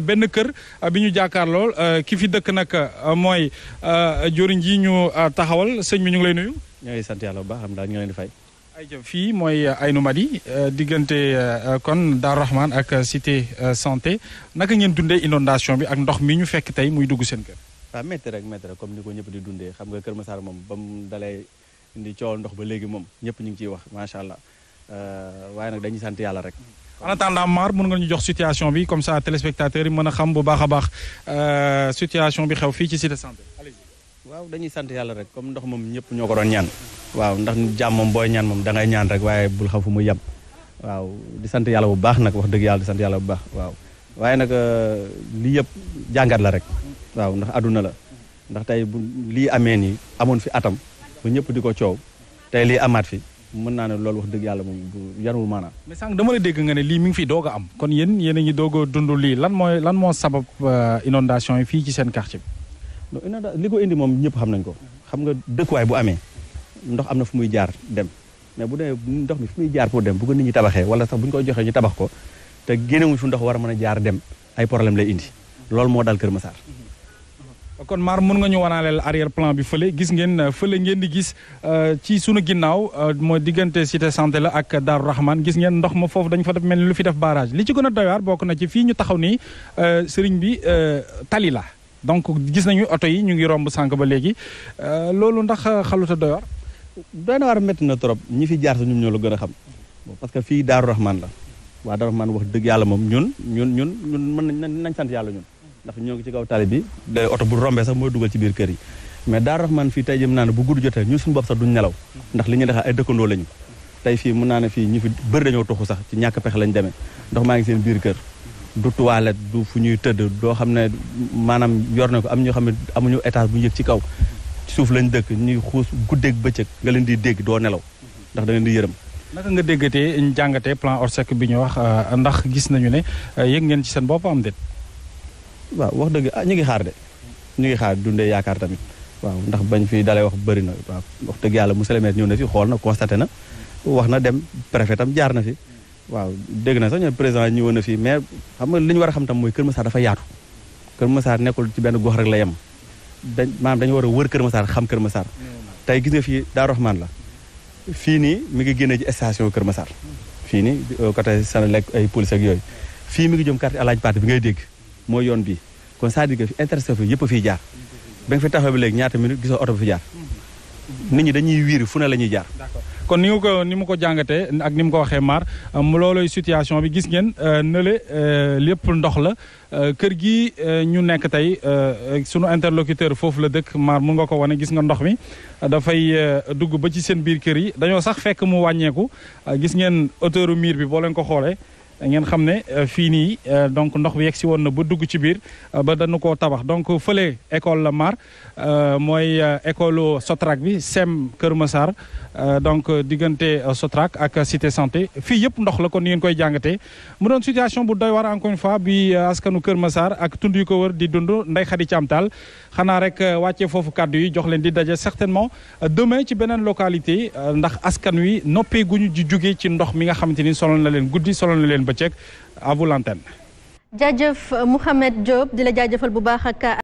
benn kër euh, bi ñu jàkkaarlool euh, ki fi dëkk nag euh, mooy joriñ ji ñu taxawal sëñ bi ñu ngi lay nuyu. ñoo sant yàlla bu baax am daal ñu leen di fay. fii mooy Aynou Mady diggante kon Darou Rahman ak Cité Santé naka ngeen dundee inondation bi ak ndox mi ñu fekk tey muy dugg seen kër. waaw métti rek métti rek comme ni ko ñëpp di dundee xam nga Kër Massar moom ba mu dalay indi coow ndox ba léegi moom ñëpp ñu ngi ciy wax macha allah waaye nag dañuy sant yàlla rek. en attendant Mar mën nga ñu jox situation bi comme ça téléspectateurs yi mën a xam bu baax a baax euh, situation bi xew fii ci cité santé. waaw dañuy sant yàlla rek comme ndox moom ñëpp ñoo ko doon ñaan. waaw ndax jàmm moom booy ñaan moom dangay ngay ñaan rek waaye bul xam fu mu yem. waaw di sant yàlla bu baax nag wax dëgg yàlla di sant yàlla bu baax waaw. waaye nag euh, lii yëpp jàngat la rek. waaw ndax àdduna la. ndax tey bu lii amee nii amoon fi atam bu ñëpp di ko coow tey lii amaat fi. mën naa ne loolu wax dëgg yàlla moom yarul maanaam. mais sànq dama la dégg nga ne lii mi ngi fi doog am kon yéen yéen a ngi doog a dund lii lan mooy lan moo sabab euh, inondation yi fii ci seen quartier bi. non li ko indi moom ñëpp xam nañ ko. xam nga dëkkuwaay bu amee ndox am na fu muy jaar dem mais bu demee ndox mi fu muy jaar pour dem bu ko nit ñi tabaxee wala sax bu ñu ko joxee ñu tabax ko te génnewuñ fu ndox war a mën a jaar dem ay problème lay indi loolu moo dal Kër Massar. kon maar mën nga ñu wanaaleel arrière plan bi fële gis ngeen euh, fële ngeen di gis euh, ci sunu ginnaaw euh, mooy diggante cité santé la ak Daaru Rahman gis ngeen ndox ma foofu dañ fa def mel ni lu fi def barrage li ci gën a doy waar bokk na ci fii ñu taxaw nii sëriñ bi tali la donc gis nañu oto yi ñu ngi romb sànq ba léegi loolu ndax xaluta doy waar. doy na waar métti trop ñi fi jaar sa ñun ñoo la gën a xam parce que fii Daaru Rahman la waa Daaru Rahman wax dëgg yàlla moom ñun ñun ñun ñun mën nañ sant yàlla ñun. ndax ñoo ngi ci kaw tali bi day oto bu rombee sax mooy dugal ci biir kër yi mais Daaru Rahman fii tey jëm naa ne bu gudd jotee ñu suñu bopp sax duñ nelaw ndax li ñuy defee ay dëkkandoo lañu tey fii mun naa ne fii ñu fi bëri dañoo toxu sax ci ñàkk pexe lañ demee ndax maa ngi seen biir kër du toilette du fu ñuy tëdd doo xam ne maanaam yor na ko am ñoo xam ne amuñu étage bu ñu yëg ci kaw suuf lañ dëkk ñuy xuus guddeeg bëccëg nga leen di dégg doo nelaw ndax da di yërëm naka nga déggatee jàngatee plan ORSEC bi ñu wax ndax gis nañu ne yëg ngeen ci seen bopp am déet waaw wax dëgg ah ñu ngi xaar de ñu ngi xaar dundee yaakaar tamit waaw ndax bañ fi dalee wax bëri na waaw wax dëgg yàlla monsieur le maire ñëw na fi xool na constaté na wax na dem préfet tam jaar na fi waaw dégg na sax ñoom président ñëwoon na fi mais xam nga li ñu war a xam tam mooy Kër Massar dafa yaatu Kër Massar nekkul ci benn gox rek la yem dañ dañu war a wër Kër Massar xam Kër Massar tey gis nga fii Daaru Rahman la fii nii mi ngi génnee ci station Kër Massar fii nii euh, côté Senelec ay police ak yooyu fii mu ngi jëm quartier Alaaji Paate bi ngay dégg mooy yoon bi kon c'est-à-dire que intersection yëpp a fiy jaar ba nga fi taxaw bi léegi ñaata minute gisoo oto bi fi jaar nit ñi dañuy wiir fu ne la ñuy jaar kon ni nga ko ni mu ko jàngatee ak ni mu ko waxee maar loolooy situation bi gis ngeen euh, nële euh, lépp ndox la euh, kër gi ñu nekk tey sunu interlocuteur foofu la dëkk maar mu nga ko wane gis nga ndox mi dafay dugg ba ci seen biir kër yi dañoo sax fekk mu wàññeeku gis ngeen auteuru miir bi boo leen ko xoolee ngeen xam ne euh, fii nii euh, donc ndox bi yegg si woon na ba dugg ci biir euh, ba dañu koo tabax donc fële école la Mar mooy école Sotrac bi sem Kër Massar donc diggante Sotrac ak Cité Santé fii yëpp ndox la kon ni ngeen koy jàngatee mu doon situation bu doy war encore une fois bi askanu Kër Massar ak tund yu ko war di dund Ndeye Khady Thiam Tall xanaa rek wàccee foofu kàddu yi jox leen di daje certainement demain ci beneen localité ndax askan wi noppeeguñu guñu ji jugee ci ndox mi nga xamante ni solon na leen guddi solon na leen bëccëg à vous l'antenne jaajëf Mouhamed Diop di la jaajëfal bu baax ak